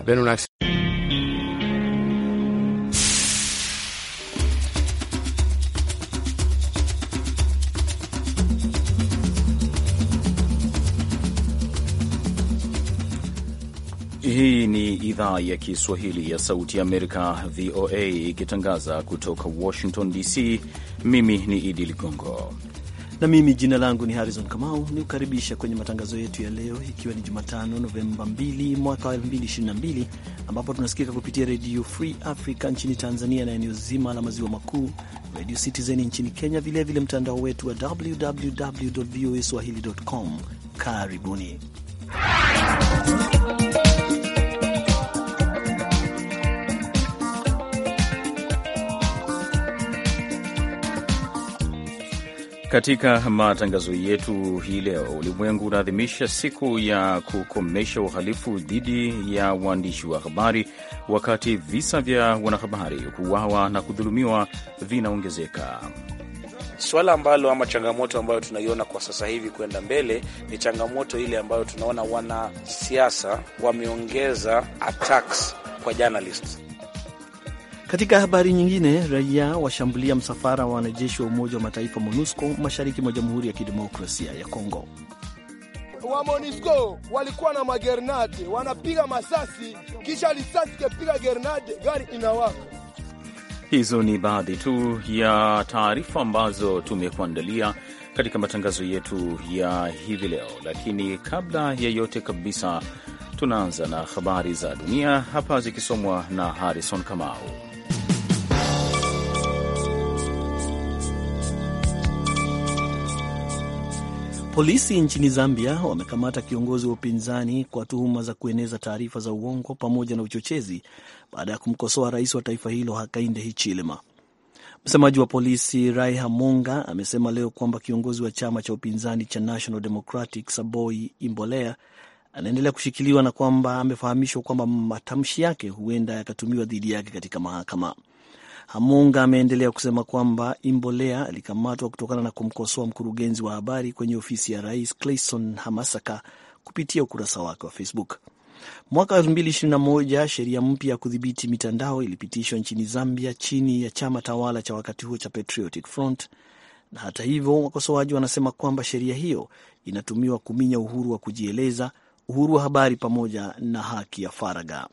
Habari una Hii ni idhaa ya Kiswahili ya Sauti ya Amerika, VOA, ikitangaza kutoka Washington DC. Mimi ni Idi Ligongo na mimi jina langu ni Harrison Kamau, ni kukaribisha kwenye matangazo yetu ya leo, ikiwa ni Jumatano Novemba 2 mwaka wa 2022, ambapo tunasikika kupitia Redio Free Africa nchini Tanzania na eneo zima la maziwa makuu, Redio Citizen nchini Kenya, vilevile mtandao wetu wa www voa swahili.com. Karibuni Katika matangazo yetu hii leo, ulimwengu unaadhimisha siku ya kukomesha uhalifu dhidi ya waandishi wa habari, wakati visa vya wanahabari kuuawa na kudhulumiwa vinaongezeka. Swala ambalo ama changamoto ambayo tunaiona kwa sasa hivi kwenda mbele ni changamoto ile ambayo tunaona wanasiasa wameongeza attacks kwa journalists. Katika habari nyingine, raia washambulia msafara wa wanajeshi wa Umoja wa Mataifa MONUSCO mashariki mwa Jamhuri ya Kidemokrasia ya Kongo. Wa MONUSCO walikuwa na magernade wanapiga masasi, kisha lisasi ikapiga gernade, gari inawaka. Hizo ni baadhi tu ya taarifa ambazo tumekuandalia katika matangazo yetu ya hivi leo, lakini kabla ya yote kabisa, tunaanza na habari za dunia hapa zikisomwa na Harrison Kamau. Polisi nchini Zambia wamekamata kiongozi wa upinzani kwa tuhuma za kueneza taarifa za uongo pamoja na uchochezi baada ya kumkosoa rais wa taifa hilo Hakainde Hichilema. Msemaji wa polisi Raiha Monga amesema leo kwamba kiongozi wa chama cha upinzani cha National Democratic Saboi Imbolea anaendelea kushikiliwa na kwamba amefahamishwa kwamba matamshi yake huenda yakatumiwa dhidi yake katika mahakama. Hamunga ameendelea kusema kwamba Imbolea alikamatwa kutokana na kumkosoa mkurugenzi wa habari kwenye ofisi ya rais Clayson Hamasaka kupitia ukurasa wake wa Facebook. Mwaka moja sheria mpya ya kudhibiti mitandao ilipitishwa nchini Zambia chini ya chama tawala cha wakati huo cha Patriotic Front, na hata hivyo wakosoaji wanasema kwamba sheria hiyo inatumiwa kuminya uhuru wa kujieleza, uhuru wa habari pamoja na haki ya faragha.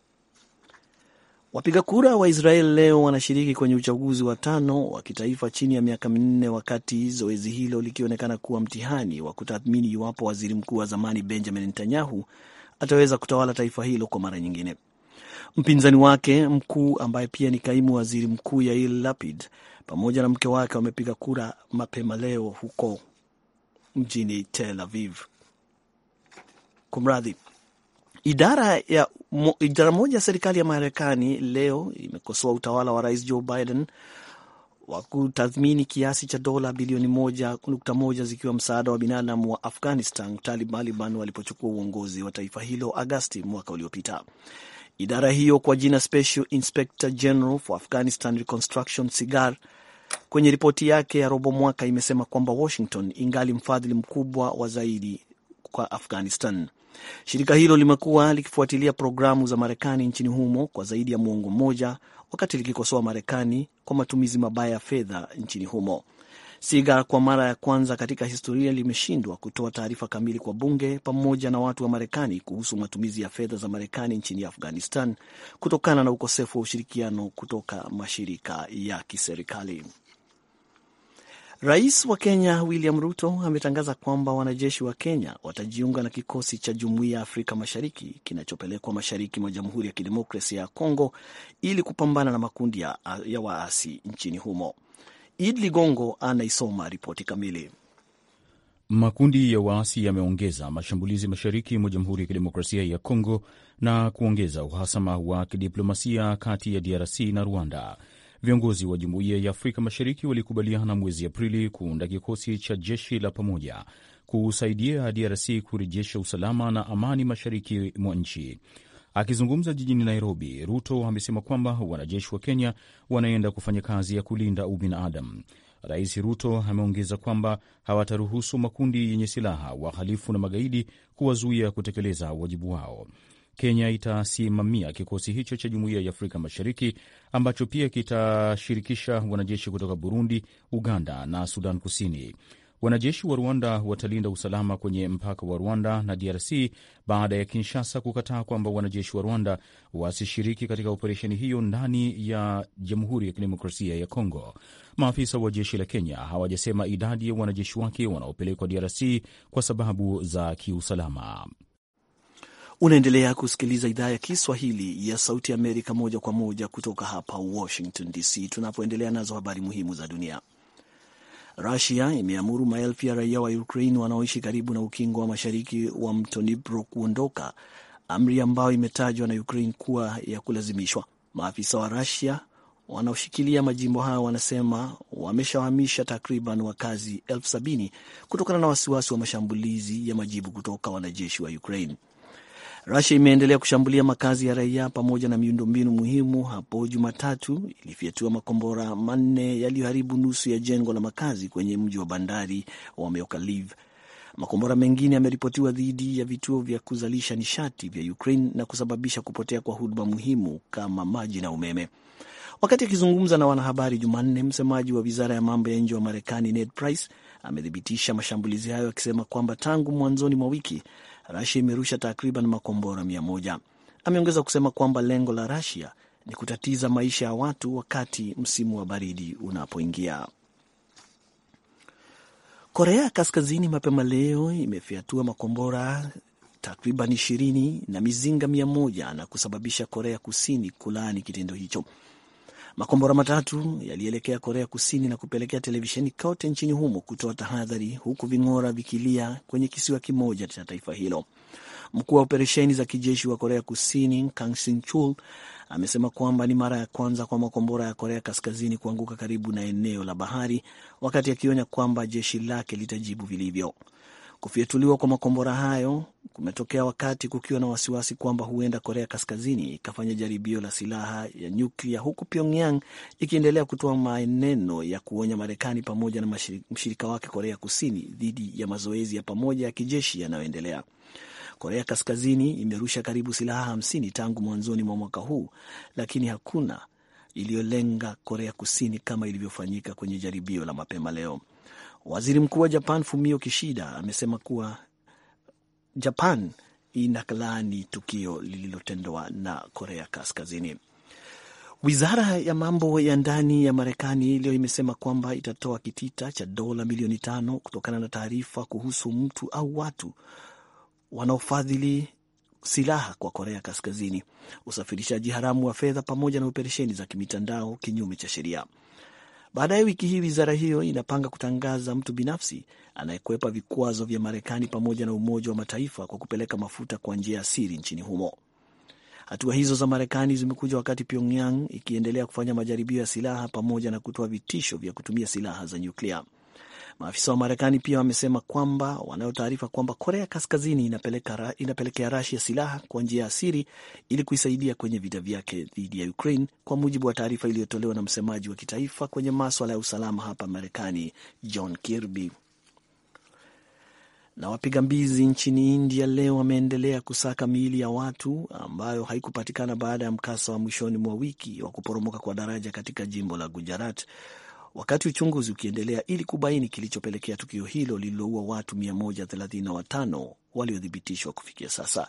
Wapiga kura wa Israel leo wanashiriki kwenye uchaguzi wa tano wa kitaifa chini ya miaka minne, wakati zoezi hilo likionekana kuwa mtihani wa kutathmini iwapo waziri mkuu wa zamani Benjamin Netanyahu ataweza kutawala taifa hilo kwa mara nyingine. Mpinzani wake mkuu ambaye pia ni kaimu waziri mkuu Yair Lapid pamoja na mke wake wamepiga kura mapema leo huko mjini Tel Aviv. Kumradhi, Idara ya mo, idara moja ya serikali ya Marekani leo imekosoa utawala wa Rais Joe Biden wa kutathmini kiasi cha dola bilioni moja nukta moja zikiwa msaada wa binadamu wa Afghanistan Taliban walipochukua uongozi wa taifa hilo Agasti mwaka uliopita. Idara hiyo kwa jina Special Inspector General for Afghanistan Reconstruction SIGAR kwenye ripoti yake ya robo mwaka imesema kwamba Washington ingali mfadhili mkubwa wa zaidi kwa Afghanistan. Shirika hilo limekuwa likifuatilia programu za Marekani nchini humo kwa zaidi ya muongo mmoja, wakati likikosoa Marekani kwa matumizi mabaya ya fedha nchini humo. SIGA kwa mara ya kwanza katika historia limeshindwa kutoa taarifa kamili kwa bunge pamoja na watu wa Marekani kuhusu matumizi ya fedha za Marekani nchini Afghanistan kutokana na ukosefu wa ushirikiano kutoka mashirika ya kiserikali. Rais wa Kenya William Ruto ametangaza kwamba wanajeshi wa Kenya watajiunga na kikosi cha Jumuiya ya Afrika Mashariki kinachopelekwa mashariki mwa Jamhuri ya Kidemokrasia ya Kongo ili kupambana na makundi ya, ya waasi nchini humo. Id Ligongo anaisoma ripoti kamili. Makundi ya waasi yameongeza mashambulizi mashariki mwa Jamhuri ya Kidemokrasia ya Kongo na kuongeza uhasama wa kidiplomasia kati ya DRC na Rwanda. Viongozi wa Jumuiya ya Afrika Mashariki walikubaliana mwezi Aprili kuunda kikosi cha jeshi la pamoja kusaidia DRC kurejesha usalama na amani mashariki mwa nchi. Akizungumza jijini Nairobi, Ruto amesema kwamba wanajeshi wa Kenya wanaenda kufanya kazi ya kulinda ubinadamu. Rais Ruto ameongeza kwamba hawataruhusu makundi yenye silaha, wahalifu na magaidi kuwazuia kutekeleza wajibu wao. Kenya itasimamia kikosi hicho cha Jumuiya ya Afrika Mashariki ambacho pia kitashirikisha wanajeshi kutoka Burundi, Uganda na Sudan Kusini. Wanajeshi wa Rwanda watalinda usalama kwenye mpaka wa Rwanda na DRC baada ya Kinshasa kukataa kwamba wanajeshi wa Rwanda wasishiriki katika operesheni hiyo ndani ya Jamhuri ya Kidemokrasia ya Kongo. Maafisa wa jeshi la Kenya hawajasema idadi ya wanajeshi wake wanaopelekwa DRC kwa sababu za kiusalama. Unaendelea kusikiliza idhaa ya Kiswahili ya Sauti Amerika moja kwa moja kutoka hapa Washington DC, tunapoendelea nazo habari muhimu za dunia. Rusia imeamuru maelfu ya raia wa Ukraine wanaoishi karibu na ukingo wa mashariki wa mto Dnipro kuondoka, amri ambayo imetajwa na Ukraine kuwa ya kulazimishwa. Maafisa wa Rusia wanaoshikilia majimbo hayo wanasema wameshahamisha takriban wakazi elfu sabini kutokana na wasiwasi wa mashambulizi ya majibu kutoka wanajeshi wa Ukraine. Rusia imeendelea kushambulia makazi ya raia pamoja na miundombinu muhimu. Hapo Jumatatu ilifyatua makombora manne yaliyoharibu nusu ya jengo la makazi kwenye mji wa bandari wa Mykolaiv. Makombora mengine yameripotiwa dhidi ya vituo vya kuzalisha nishati vya Ukraine na kusababisha kupotea kwa huduma muhimu kama maji na umeme. Wakati akizungumza na wanahabari Jumanne, msemaji wa wizara ya mambo ya nje wa Marekani Ned Price amethibitisha mashambulizi hayo akisema kwamba tangu mwanzoni mwa wiki Rasia imerusha takriban makombora mia moja. Ameongeza kusema kwamba lengo la Rasia ni kutatiza maisha ya watu wakati msimu wa baridi unapoingia. Korea ya Kaskazini mapema leo imefyatua makombora takriban ishirini na mizinga mia moja na kusababisha Korea Kusini kulaani kitendo hicho. Makombora matatu yalielekea Korea Kusini na kupelekea televisheni kote nchini humo kutoa tahadhari, huku ving'ora vikilia kwenye kisiwa kimoja cha taifa hilo. Mkuu wa operesheni za kijeshi wa Korea Kusini Kang amesema kwamba ni mara ya kwanza kwa makombora ya Korea Kaskazini kuanguka karibu na eneo la bahari, wakati akionya kwamba jeshi lake litajibu vilivyo. Kufyatuliwa kwa makombora hayo kumetokea wakati kukiwa na wasiwasi kwamba huenda Korea Kaskazini ikafanya jaribio la silaha ya nyuklia, huku Pyongyang ikiendelea kutoa maneno ya kuonya Marekani pamoja na mshirika wake Korea Kusini dhidi ya mazoezi ya pamoja ya kijeshi yanayoendelea. Korea Kaskazini imerusha karibu silaha hamsini tangu mwanzoni mwa mwaka huu, lakini hakuna iliyolenga Korea Kusini kama ilivyofanyika kwenye jaribio la mapema leo. Waziri Mkuu wa Japan Fumio Kishida amesema kuwa Japan inalaani tukio lililotendwa na Korea Kaskazini. Wizara ya mambo ya ndani ya Marekani leo imesema kwamba itatoa kitita cha dola milioni tano kutokana na taarifa kuhusu mtu au watu wanaofadhili silaha kwa Korea Kaskazini, usafirishaji haramu wa fedha pamoja na operesheni za kimitandao kinyume cha sheria. Baadaye wiki hii wizara hiyo inapanga kutangaza mtu binafsi anayekwepa vikwazo vya Marekani pamoja na Umoja wa Mataifa kwa kupeleka mafuta kwa njia ya siri nchini humo. Hatua hizo za Marekani zimekuja wakati Pyongyang ikiendelea kufanya majaribio ya silaha pamoja na kutoa vitisho vya kutumia silaha za nyuklia. Maafisa wa Marekani pia wamesema kwamba wanayo taarifa kwamba Korea Kaskazini inapeleka, inapelekea Rasia silaha kwa njia ya siri ili kuisaidia kwenye vita vyake dhidi ya Ukraine, kwa mujibu wa taarifa iliyotolewa na msemaji wa kitaifa kwenye maswala ya usalama hapa Marekani, John Kirby. Na wapiga mbizi nchini India leo wameendelea kusaka miili ya watu ambayo haikupatikana baada ya mkasa wa mwishoni mwa wiki wa kuporomoka kwa daraja katika jimbo la Gujarat wakati uchunguzi ukiendelea ili kubaini kilichopelekea tukio hilo lililoua watu 135 waliothibitishwa kufikia sasa.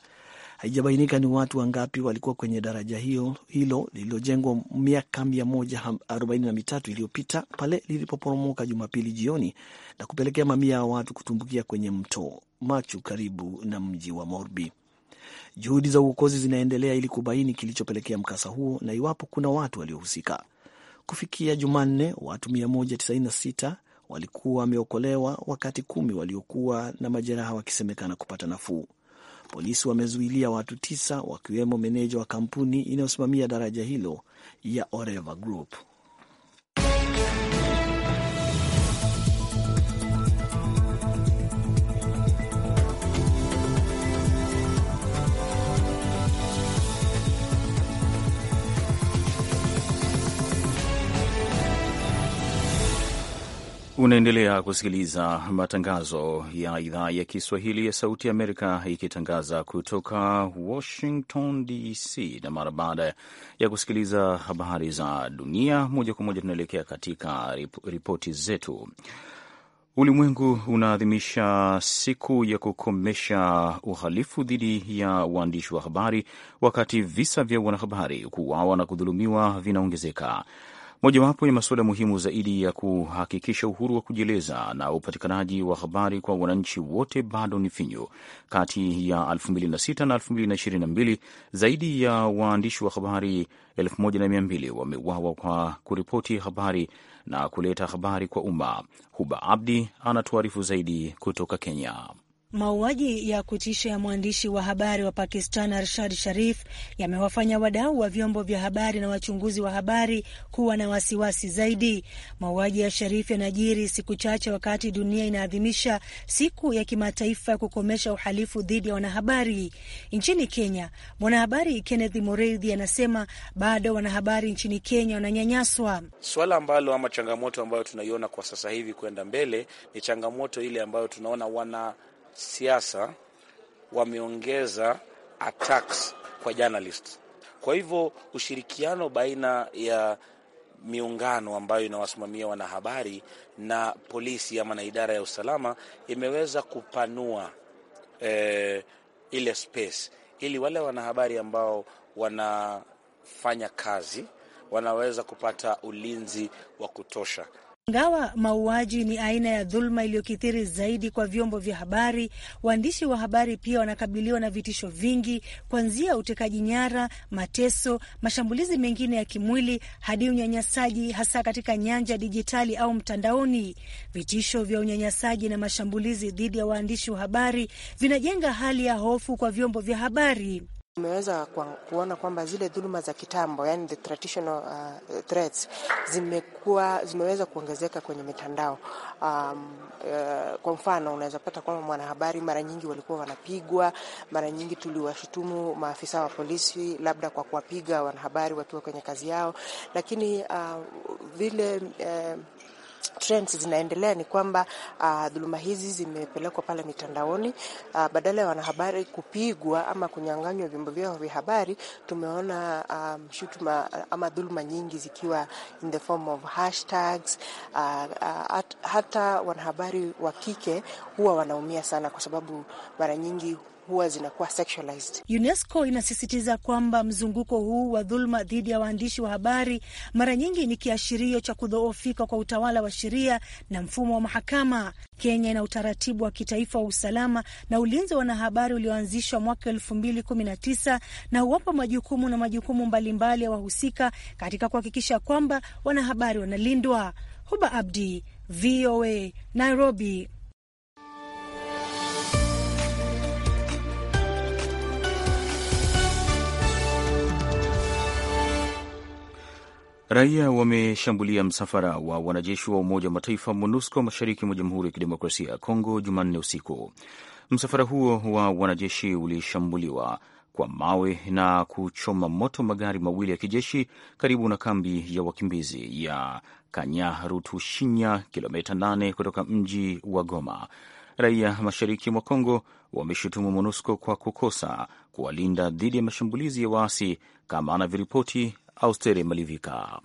Haijabainika ni watu wangapi walikuwa kwenye daraja hiyo hilo lililojengwa miaka 143 iliyopita pale lilipoporomoka Jumapili jioni na kupelekea mamia ya watu kutumbukia kwenye mto Machu karibu na mji wa Morbi. Juhudi za uokozi zinaendelea ili kubaini kilichopelekea mkasa huo na iwapo kuna watu waliohusika. Kufikia Jumanne, watu 196 walikuwa wameokolewa wakati kumi waliokuwa na majeraha wakisemekana kupata nafuu. Polisi wamezuilia watu tisa wakiwemo meneja wa kampuni inayosimamia daraja hilo ya Oreva Group. Unaendelea kusikiliza matangazo ya idhaa ya Kiswahili ya Sauti ya Amerika ikitangaza kutoka Washington DC, na mara baada ya kusikiliza habari za dunia moja kwa moja, tunaelekea katika ripoti zetu. Ulimwengu unaadhimisha siku ya kukomesha uhalifu dhidi ya waandishi wa habari, wakati visa vya wanahabari kuuawa na kudhulumiwa vinaongezeka. Mojawapo ya masuala muhimu zaidi ya kuhakikisha uhuru wa kujieleza na upatikanaji wa habari kwa wananchi wote bado ni finyu. Kati ya 2006 na 2022 zaidi ya waandishi wa habari 1200 wameuawa kwa kuripoti habari na kuleta habari kwa umma. Huba Abdi anatuarifu zaidi kutoka Kenya. Mauaji ya kutisha ya mwandishi wa habari wa Pakistan Arshad Sharif yamewafanya wadau wa vyombo vya habari na wachunguzi wa habari kuwa na wasiwasi zaidi. Mauaji ya Sharif yanajiri siku chache wakati dunia inaadhimisha siku ya kimataifa ya kukomesha uhalifu dhidi ya wanahabari. Nchini Kenya, mwanahabari Kenneth Mureithi anasema bado wanahabari nchini Kenya wananyanyaswa. Swala ambalo ama changamoto ambayo tunaiona kwa sasa hivi kwenda mbele ni changamoto ile ambayo tunaona wana siasa wameongeza attacks kwa journalist. Kwa hivyo ushirikiano baina ya miungano ambayo inawasimamia wanahabari na polisi ama na idara ya usalama imeweza kupanua eh, ile space ili wale wanahabari ambao wanafanya kazi wanaweza kupata ulinzi wa kutosha. Ingawa mauaji ni aina ya dhuluma iliyokithiri zaidi kwa vyombo vya habari, waandishi wa habari pia wanakabiliwa na vitisho vingi, kuanzia utekaji nyara, mateso, mashambulizi mengine ya kimwili hadi unyanyasaji, hasa katika nyanja dijitali au mtandaoni. Vitisho vya unyanyasaji na mashambulizi dhidi ya waandishi wa habari vinajenga hali ya hofu kwa vyombo vya habari. Tumeweza kuona kwamba zile dhuluma za kitambo, yani the traditional uh, threats zimekuwa zimeweza kuongezeka kwenye mitandao um, uh, kwa mfano unaweza pata kwamba mwanahabari mara nyingi walikuwa wanapigwa, mara nyingi tuliwashutumu maafisa wa polisi labda kwa kuwapiga wanahabari wakiwa kwenye kazi yao, lakini uh, vile uh, trends zinaendelea ni kwamba uh, dhuluma hizi zimepelekwa pale mitandaoni uh, badala ya wanahabari kupigwa ama kunyang'anywa vyombo vyao vya habari, tumeona um, shutuma ama dhuluma nyingi zikiwa in the form of hashtags uh, uh, at, hata wanahabari wa kike huwa wanaumia sana, kwa sababu mara nyingi huwa zinakuwa sexualized. UNESCO inasisitiza kwamba mzunguko huu wa dhuluma dhidi ya waandishi wa habari mara nyingi ni kiashirio cha kudhoofika kwa utawala wa sheria na mfumo wa mahakama. Kenya ina utaratibu wa kitaifa wa usalama na ulinzi wa wanahabari ulioanzishwa mwaka elfu mbili kumi na tisa na huwapa majukumu na majukumu mbalimbali ya wahusika katika kuhakikisha kwamba wanahabari wanalindwa. Huba Abdi, VOA, Nairobi. Raia wameshambulia msafara wa wanajeshi wa Umoja wa Mataifa MONUSCO mashariki mwa Jamhuri ya Kidemokrasia ya Kongo Jumanne usiku. Msafara huo wa wanajeshi ulishambuliwa kwa mawe na kuchoma moto magari mawili ya kijeshi karibu na kambi ya wakimbizi ya Kanyarutushinya, kilomita 8 kutoka mji wa Goma. Raia mashariki mwa Kongo wameshutumu MONUSCO kwa kukosa kuwalinda dhidi ya mashambulizi ya waasi kama anavyoripoti Austeri Malivika.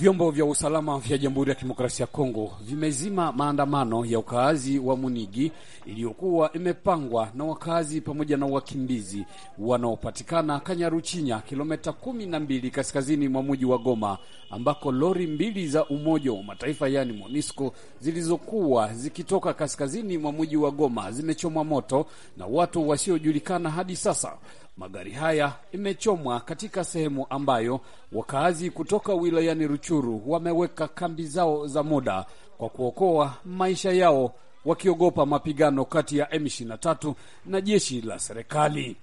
Vyombo vya usalama vya Jamhuri ya Kidemokrasia ya Kongo vimezima maandamano ya ukaazi wa Munigi iliyokuwa imepangwa na wakaazi pamoja na wakimbizi wanaopatikana Kanyaruchinya, kilomita kumi na mbili kaskazini mwa mji wa Goma, ambako lori mbili za Umoja wa Mataifa yaani MONUSCO zilizokuwa zikitoka kaskazini mwa mji wa Goma zimechomwa moto na watu wasiojulikana hadi sasa. Magari haya imechomwa katika sehemu ambayo wakazi kutoka wilayani Ruchuru wameweka kambi zao za muda kwa kuokoa maisha yao wakiogopa mapigano kati ya M23 na jeshi la serikali.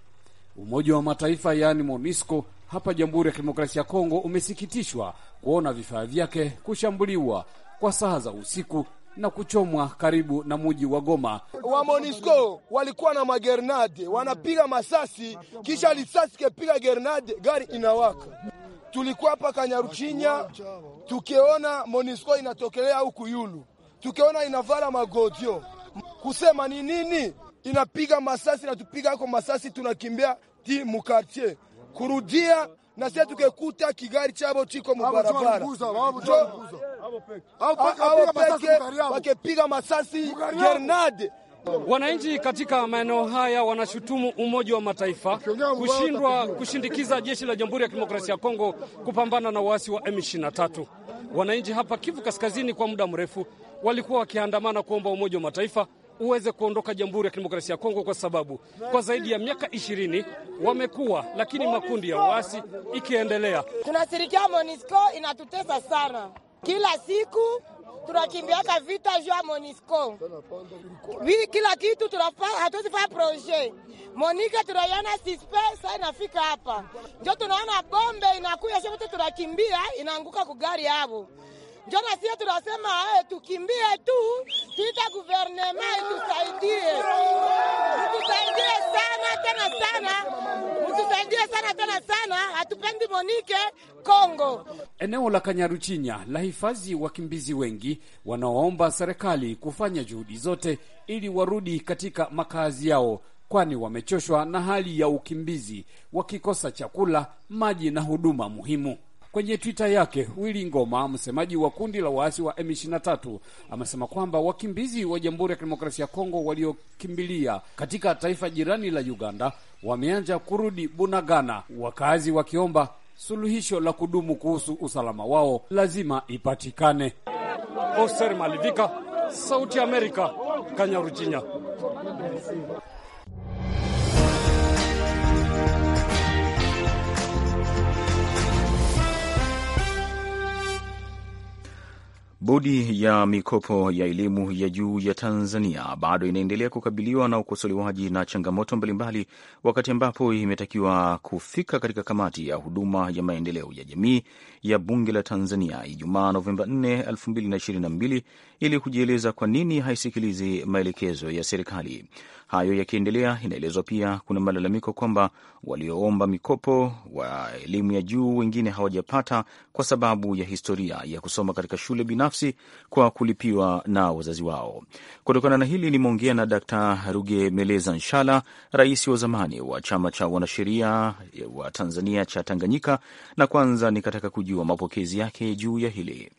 Umoja wa Mataifa yaani MONUSCO hapa Jamhuri ya Kidemokrasia ya Kongo umesikitishwa kuona vifaa vyake kushambuliwa kwa saa za usiku na kuchomwa karibu na muji wa Goma. Wa Monisco walikuwa na magernade wanapiga masasi, kisha lisasi kepiga gernade, gari inawaka. Tulikuwa hapa Kanyaruchinya tukiona Monisco inatokelea huku yulu, tukiona inavala magodio, kusema ni nini? Inapiga masasi na tupiga ako masasi, tunakimbia ti mukartier kurudia na sie tukekuta kigari chabo chiko mubarabara au wakepiga masasi gernade. Wananchi katika maeneo haya wanashutumu Umoja wa Mataifa kushindwa kushindikiza jeshi la Jamhuri ya Kidemokrasia ya Kongo kupambana na waasi wa M23. Wananchi hapa Kivu Kaskazini kwa muda mrefu walikuwa wakiandamana kuomba Umoja wa Mataifa uweze kuondoka Jamhuri ya Kidemokrasia ya Kongo kwa sababu kwa zaidi ya miaka ishirini wamekuwa lakini makundi ya waasi ikiendelea. Tunasirikia MONUSCO inatutesa sana kila siku tunakimbiaka vita juu ya Monisco, kila kitu hatuwezi fanya proje Monika, tunaiona suspense sasa inafika hapa, ndio tunaona bombe inakuya shote, tunakimbia inaanguka kugari yavo njo na sisi tunasema hey, tukimbie tu tita guvernema itusaidie, tusaidie sana tena sana sana tena sana, hatupendi Monike Kongo. Eneo la Kanyaruchinya la hifadhi wakimbizi wengi wanaoomba serikali kufanya juhudi zote ili warudi katika makazi yao, kwani wamechoshwa na hali ya ukimbizi wakikosa chakula, maji na huduma muhimu. Kwenye Twitter yake, Willy Ngoma, msemaji wa kundi la waasi wa M23, amesema kwamba wakimbizi wa Jamhuri ya Kidemokrasia ya Kongo waliokimbilia katika taifa jirani la Uganda wameanza kurudi Bunagana, wakazi wakiomba suluhisho la kudumu kuhusu usalama wao lazima ipatikane. Oser Malivika, Sauti Amerika, Kanyaruchinya. Bodi ya mikopo ya elimu ya juu ya Tanzania bado inaendelea kukabiliwa na ukosolewaji na changamoto mbalimbali, wakati ambapo imetakiwa kufika katika kamati ya huduma ya maendeleo ya jamii ya bunge la Tanzania Ijumaa Novemba 4, 2022 ili kujieleza kwa nini haisikilizi maelekezo ya serikali. Hayo yakiendelea, inaelezwa pia kuna malalamiko kwamba walioomba mikopo wa elimu ya juu wengine hawajapata kwa sababu ya historia ya kusoma katika shule binafsi kwa kulipiwa na wazazi wao. Kutokana na hili, nimeongea na Dkt. meleza Nshala, rais wa zamani wa chama cha wanasheria wa Tanzania cha Tanganyika, na kwanza nikataka kujua mapokezi yake juu ya hili.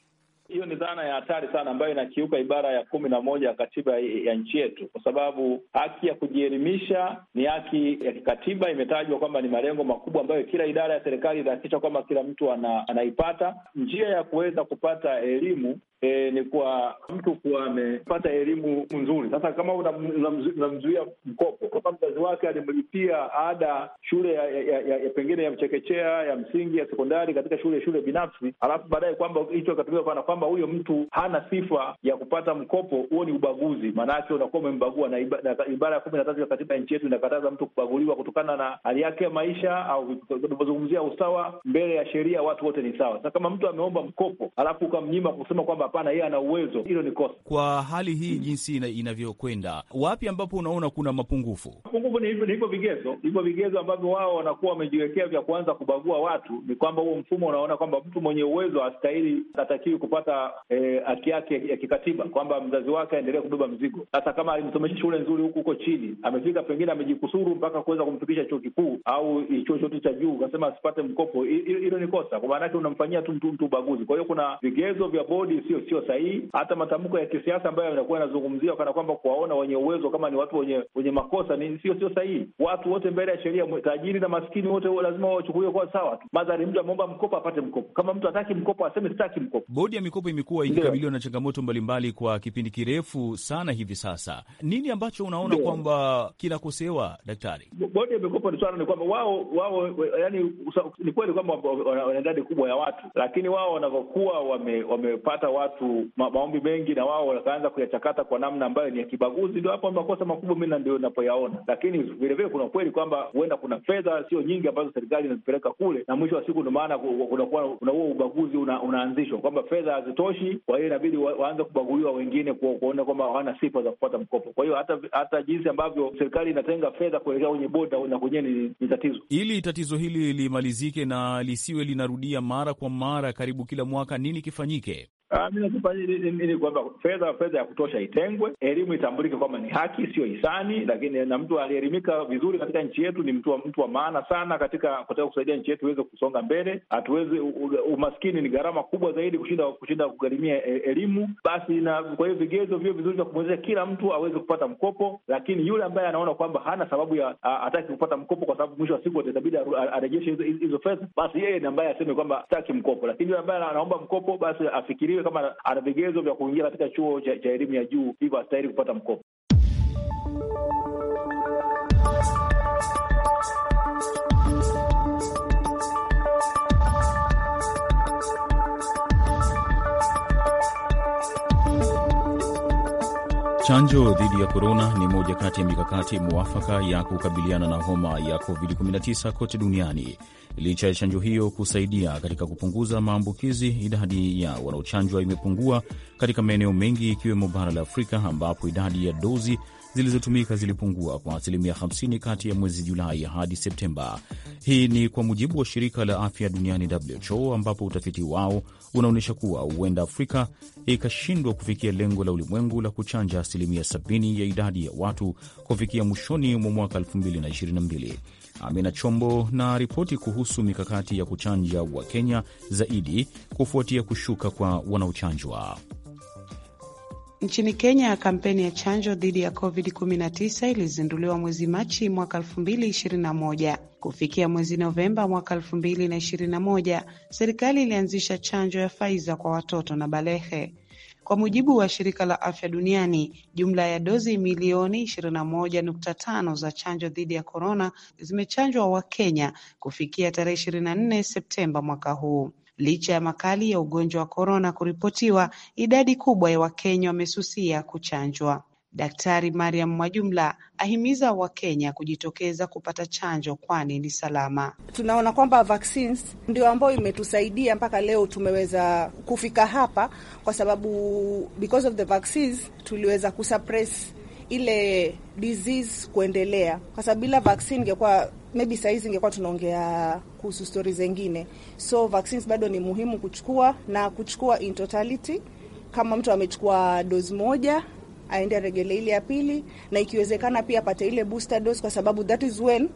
Hiyo ni dhana ya hatari sana ambayo inakiuka ibara ya kumi na moja ya katiba ya nchi yetu, kwa sababu haki ya kujielimisha ni haki ya kikatiba. Imetajwa kwamba ni malengo makubwa ambayo kila idara ya serikali itahakikisha kwamba kila mtu ana, anaipata. Njia ya kuweza kupata elimu E, ni kwa mtu kuwa amepata elimu nzuri. Sasa kama unamzuia mkopo, kama mzazi wake alimlipia ada shule ya, ya, ya, ya pengine ya mchekechea ya msingi ya sekondari katika shule shule binafsi, alafu baadaye kwamba hicho akatumia kana kwamba huyo mtu hana sifa ya kupata mkopo, huo ni ubaguzi. maanaake unakuwa umembagua, na ibara ya kumi na tatu ya katiba ya nchi yetu inakataza mtu kubaguliwa kutokana na hali yake ya maisha au tunapozungumzia usawa mbele ya sheria, watu wote ni sawa. Sasa kama mtu ameomba mkopo alafu ukamnyima kusema kwamba hapana, yeye ana uwezo, hilo ni kosa. Kwa hali hii jinsi inavyokwenda, wapi ambapo unaona kuna mapungufu? Mapungufu ni hivyo vigezo, hivyo vigezo ambavyo wao wanakuwa wamejiwekea vya kuanza kubagua watu, ni kwamba huo mfumo unaona kwamba mtu mwenye uwezo astahili, atakiwi kupata eh, haki eh, yake ya kikatiba, kwamba mzazi wake aendelee kubeba mzigo. Sasa kama alimsomesha shule nzuri huku huko chini, amefika pengine amejikusuru mpaka kuweza kumfikisha chuo kikuu au chuo chote cha juu, kasema asipate mkopo, hilo ni kosa, kwa maanake unamfanyia tu mtu ubaguzi. Kwa hiyo kuna vigezo vya bodi sio hiyo sio sahihi. Hata matamko ya kisiasa ambayo yanakuwa yanazungumziwa kana kwamba kuwaona wenye uwezo kama ni watu wenye wenye makosa ni sio sio sahihi. Watu wote mbele ya sheria, tajiri na maskini wote lazima wachukuliwe kwa sawa tu. Madhari mtu ameomba mkopo apate mkopo, kama mtu hataki mkopo aseme sitaki mkopo. Bodi ya mikopo imekuwa ikikabiliwa na changamoto mbalimbali kwa kipindi kirefu sana hivi sasa. Nini ambacho unaona kwamba kinakosewa, daktari? Bodi ya mikopo ni swala ni kwamba wao wao, yani ni kweli kwamba wana idadi kubwa ya watu, lakini wao wanavyokuwa wamepata wame watu maombi mengi na wao wakaanza kuyachakata kwa namna ambayo ni ya kibaguzi, ndio hapo makosa makubwa mi ndio napoyaona. Lakini vilevile kuna ukweli kwamba huenda kuna fedha sio nyingi ambazo serikali inazipeleka kule, na mwisho wa siku ndio maana kunakuwa kuna huo ubaguzi una, unaanzishwa kwamba fedha hazitoshi, kwa hiyo inabidi wa, waanze kubaguliwa wengine kuona kwamba hawana sifa za kupata mkopo. Kwa hiyo hata hata jinsi ambavyo serikali inatenga fedha kuelekea kwenye bodi na kwenyewe ni, ni tatizo. Ili tatizo hili limalizike na lisiwe linarudia mara kwa mara karibu kila mwaka, nini kifanyike? Ah, Mi nakupa nini kwamba fedha fedha ya kutosha itengwe, elimu itambulike kwamba ni haki, sio hisani. Lakini na mtu aliyeelimika vizuri katika nchi yetu ni mtu wa, mtu wa maana sana katika kutaka kusaidia nchi yetu iweze kusonga mbele. Hatuwezi, umaskini ni gharama kubwa zaidi kushinda kushinda kugharimia e, elimu. Basi na kwa hiyo vigezo vio vizuri vya kumwezesha kila mtu aweze kupata mkopo, lakini yule ambaye anaona kwamba hana sababu ya hataki kupata mkopo kwa sababu mwisho wa siku itabidi arejeshe hizo fedha, basi yeye ni ambaye aseme kwamba sitaki mkopo, lakini yule ambaye anaomba mkopo basi afikirie ajue kama ana vigezo vya kuingia katika chuo cha ja, elimu ya juu, hivyo astahili kupata mkopo. Chanjo dhidi ya korona ni moja kati ya mikakati mwafaka ya kukabiliana na homa ya COVID-19 kote duniani. Licha ya chanjo hiyo kusaidia katika kupunguza maambukizi, idadi ya wanaochanjwa imepungua katika maeneo mengi ikiwemo bara la Afrika ambapo idadi ya dozi zilizotumika zilipungua kwa asilimia 50 kati ya mwezi Julai hadi Septemba. Hii ni kwa mujibu wa shirika la afya duniani WHO, ambapo utafiti wao unaonyesha kuwa huenda Afrika ikashindwa kufikia lengo la ulimwengu la kuchanja asilimia 70 ya idadi ya watu kufikia mwishoni mwa mwaka 2022. Amina Chombo na ripoti kuhusu mikakati ya kuchanja Wakenya zaidi kufuatia kushuka kwa wanaochanjwa. Nchini Kenya, kampeni ya chanjo dhidi ya COVID-19 ilizinduliwa mwezi Machi mwaka 2021. Kufikia mwezi Novemba mwaka 2021, serikali ilianzisha chanjo ya Pfizer kwa watoto na balehe. Kwa mujibu wa Shirika la Afya Duniani, jumla ya dozi milioni 21.5 moja nukta tano za chanjo dhidi ya korona zimechanjwa Wakenya kufikia tarehe ishirini na nne Septemba mwaka huu. Licha ya makali ya ugonjwa wa korona kuripotiwa, idadi kubwa ya Wakenya wamesusia kuchanjwa. Daktari Mariam mwajumla ahimiza Wakenya kujitokeza kupata chanjo kwani ni salama. Tunaona kwamba vaccines ndio ambayo imetusaidia mpaka leo tumeweza kufika hapa, kwa sababu because of the vaccines tuliweza kusuppress ile disease kuendelea, kwa sababu bila vaccine ingekuwa maybe sahizi ingekuwa tunaongea kuhusu stori zengine. So vaccines bado ni muhimu kuchukua na kuchukua in totality. Kama mtu amechukua dozi moja aende aregele ile ya pili, na ikiwezekana pia apate ile booster dose, kwa sababu that is when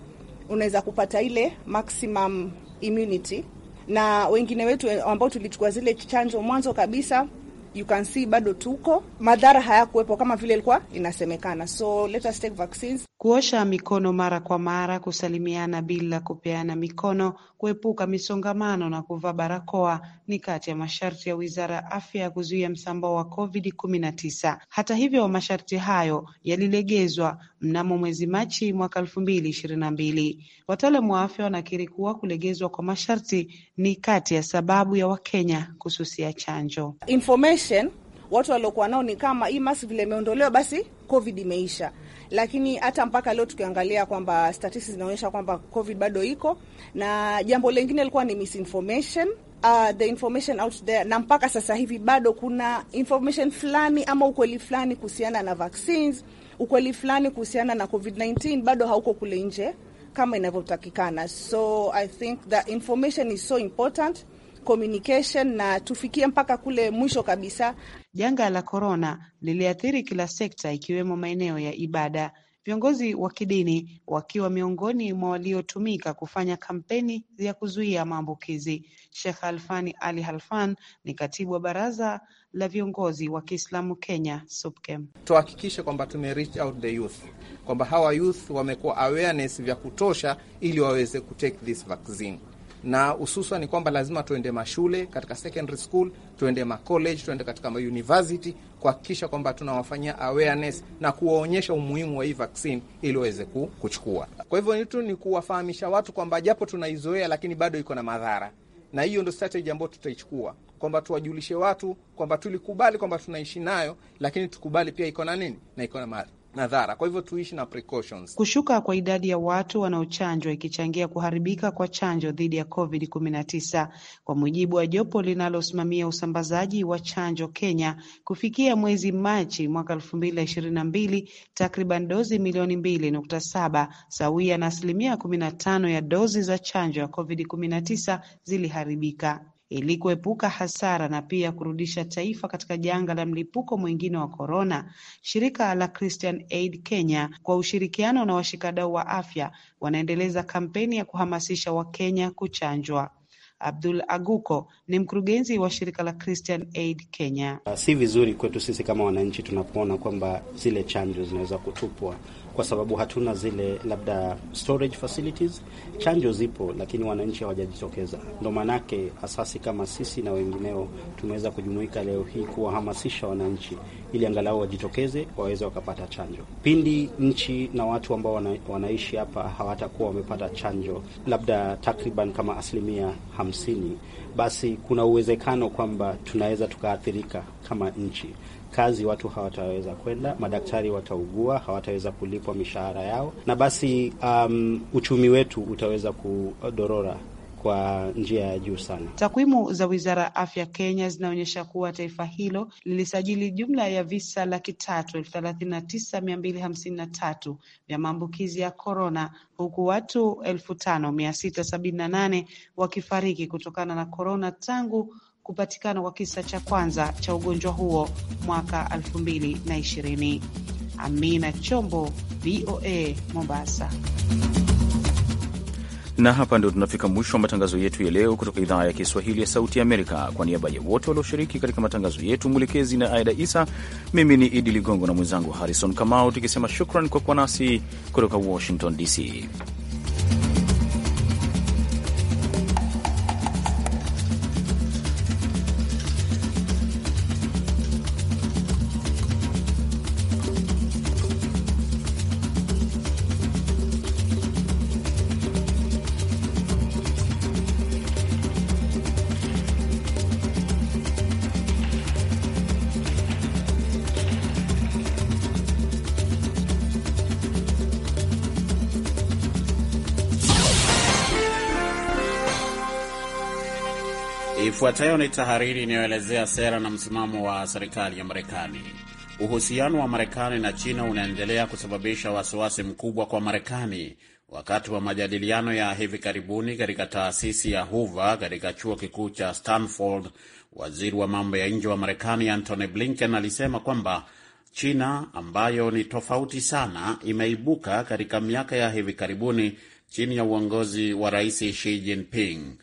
unaweza kupata ile maximum immunity. Na wengine wetu ambao tulichukua zile chanjo mwanzo kabisa, you can see bado tuko, madhara hayakuwepo kama vile ilikuwa inasemekana, so let us take vaccines. Kuosha mikono mara kwa mara kusalimiana bila kupeana mikono kuepuka misongamano na kuvaa barakoa ni kati ya masharti ya Wizara ya Afya ya kuzuia msambao wa Covid kumi na tisa. Hata hivyo, masharti hayo yalilegezwa mnamo mwezi Machi mwaka elfu mbili ishirini na mbili. Wataalamu wa afya wanakiri kuwa kulegezwa kwa masharti ni kati ya sababu ya Wakenya kususia chanjo Information watu waliokuwa nao ni kama hii mask vile imeondolewa, basi covid imeisha. Lakini hata mpaka leo tukiangalia kwamba statistics zinaonyesha kwamba covid bado iko, na jambo lingine lilikuwa ni misinformation Uh, the information out there na mpaka sasa hivi bado kuna information fulani ama ukweli fulani kuhusiana na vaccines, ukweli fulani kuhusiana na COVID-19 bado hauko kule nje kama inavyotakikana. So I think the information is so important communication na tufikie mpaka kule mwisho kabisa. Janga la korona liliathiri kila sekta, ikiwemo maeneo ya ibada, viongozi wa kidini wakiwa miongoni mwa waliotumika kufanya kampeni ya kuzuia maambukizi. Sheikh Alfani Ali Halfan ni katibu wa baraza la viongozi wa Kiislamu Kenya SUPKEM. Tuhakikishe kwamba tume reach out the youth, kwamba hawa youth wamekuwa awareness vya kutosha, ili waweze kutake this vaccine na hususan ni kwamba lazima tuende mashule katika secondary school, tuende ma college, tuende katika ma university kuhakikisha kwamba tunawafanyia awareness na kuwaonyesha umuhimu wa hii vaccine ili waweze kuchukua. Kwa hivyo tu ni kuwafahamisha watu kwamba japo tunaizoea, lakini bado iko na madhara, na hiyo ndo strategy ambayo tutaichukua kwamba tuwajulishe watu kwamba tulikubali kwamba tunaishi nayo, lakini tukubali pia iko na nini na iko na madhara madhara. Kwa hivyo tuishi na precautions. Kushuka kwa idadi ya watu wanaochanjwa ikichangia kuharibika kwa chanjo dhidi ya COVID-19 kwa mujibu wa jopo linalosimamia usambazaji wa chanjo Kenya, kufikia mwezi Machi mwaka 2022 takriban dozi milioni 2.7 sawia na asilimia 15 ya dozi za chanjo ya COVID-19 ziliharibika ili kuepuka hasara na pia kurudisha taifa katika janga la mlipuko mwingine wa korona, shirika la Christian Aid Kenya kwa ushirikiano na washikadau wa afya wanaendeleza kampeni ya kuhamasisha Wakenya kuchanjwa. Abdul Aguko ni mkurugenzi wa shirika la Christian Aid Kenya. Si vizuri kwetu sisi kama wananchi tunapoona kwamba zile chanjo zinaweza kutupwa kwa sababu hatuna zile labda storage facilities. Chanjo zipo, lakini wananchi hawajajitokeza. Ndo maanake asasi kama sisi na wengineo tumeweza kujumuika leo hii kuwahamasisha wananchi ili angalau wajitokeze waweze wakapata chanjo. Pindi nchi na watu ambao wana, wanaishi hapa hawatakuwa wamepata chanjo labda takriban kama asilimia hamsini, basi kuna uwezekano kwamba tunaweza tukaathirika kama nchi kazi watu hawataweza kwenda, madaktari wataugua, hawataweza kulipwa mishahara yao, na basi um, uchumi wetu utaweza kudorora kwa njia ya juu sana. Takwimu za wizara ya afya Kenya zinaonyesha kuwa taifa hilo lilisajili jumla ya visa laki tatu elfu thelathini na tisa mia mbili hamsini na tatu vya maambukizi ya korona huku watu elfu tano mia sita sabini na nane wakifariki kutokana na korona tangu kupatikana kwa kisa cha kwanza cha ugonjwa huo mwaka 2020. Amina Chombo, VOA, Mombasa. Na hapa ndio tunafika mwisho wa matangazo yetu ya leo kutoka idhaa ya Kiswahili ya Sauti ya Amerika. Kwa niaba ya wote walioshiriki katika matangazo yetu, mwelekezi na Aida Isa, mimi ni Idi Ligongo na mwenzangu Harrison Kamau, tukisema shukran kwa kuwa nasi kutoka Washington DC. Ifuatayo ni tahariri inayoelezea sera na msimamo wa serikali ya Marekani. Uhusiano wa Marekani na China unaendelea kusababisha wasiwasi mkubwa kwa Marekani wakati wa majadiliano ya hivi karibuni katika taasisi ya Hoover katika chuo kikuu cha Stanford. Waziri wa mambo ya nje wa Marekani Antony Blinken alisema kwamba China ambayo ni tofauti sana imeibuka katika miaka ya hivi karibuni chini ya uongozi wa Rais Xi Jinping.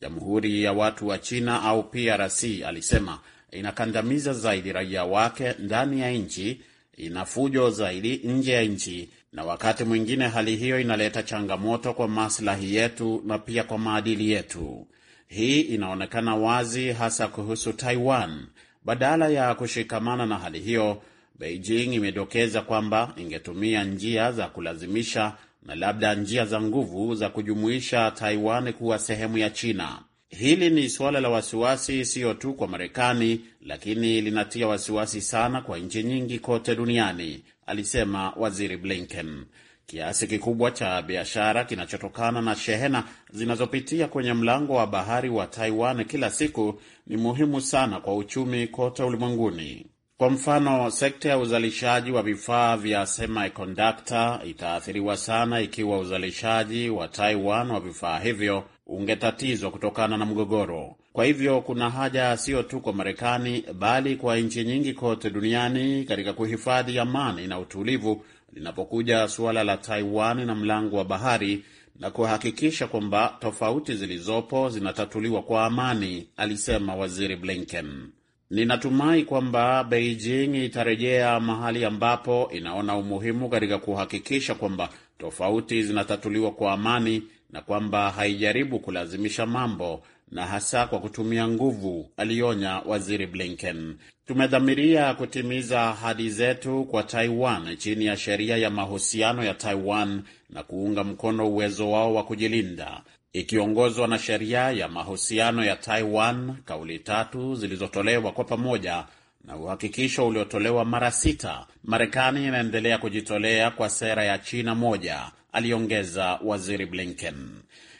Jamhuri ya Watu wa China au PRC alisema inakandamiza zaidi raia wake ndani ya nchi, ina fujo zaidi nje ya nchi, na wakati mwingine hali hiyo inaleta changamoto kwa maslahi yetu na pia kwa maadili yetu. Hii inaonekana wazi hasa kuhusu Taiwan. Badala ya kushikamana na hali hiyo, Beijing imedokeza kwamba ingetumia njia za kulazimisha na labda njia za nguvu za kujumuisha Taiwan kuwa sehemu ya China. Hili ni suala la wasiwasi, siyo tu kwa Marekani, lakini linatia wasiwasi sana kwa nchi nyingi kote duniani, alisema Waziri Blinken. Kiasi kikubwa cha biashara kinachotokana na shehena zinazopitia kwenye mlango wa bahari wa Taiwan kila siku ni muhimu sana kwa uchumi kote ulimwenguni. Kwa mfano, sekta ya uzalishaji wa vifaa vya semiconductor itaathiriwa sana ikiwa uzalishaji wa Taiwan wa vifaa hivyo ungetatizwa kutokana na mgogoro. Kwa hivyo kuna haja sio tu kwa Marekani bali kwa nchi nyingi kote duniani katika kuhifadhi amani na utulivu linapokuja suala la Taiwan na mlango wa bahari na kuhakikisha kwamba tofauti zilizopo zinatatuliwa kwa amani, alisema Waziri Blinken. Ninatumai kwamba Beijing itarejea mahali ambapo inaona umuhimu katika kuhakikisha kwamba tofauti zinatatuliwa kwa amani na kwamba haijaribu kulazimisha mambo na hasa kwa kutumia nguvu, alionya Waziri Blinken. Tumedhamiria kutimiza ahadi zetu kwa Taiwan chini ya sheria ya mahusiano ya Taiwan na kuunga mkono uwezo wao wa kujilinda ikiongozwa na sheria ya mahusiano ya Taiwan, kauli tatu zilizotolewa kwa pamoja na uhakikisho uliotolewa mara sita. Marekani inaendelea kujitolea kwa sera ya China moja, aliongeza Waziri Blinken.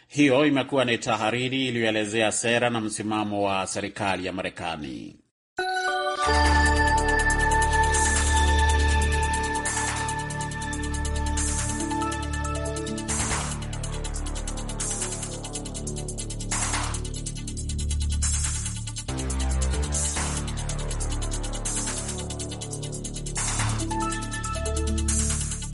Hiyo imekuwa ni tahariri iliyoelezea sera na msimamo wa serikali ya Marekani.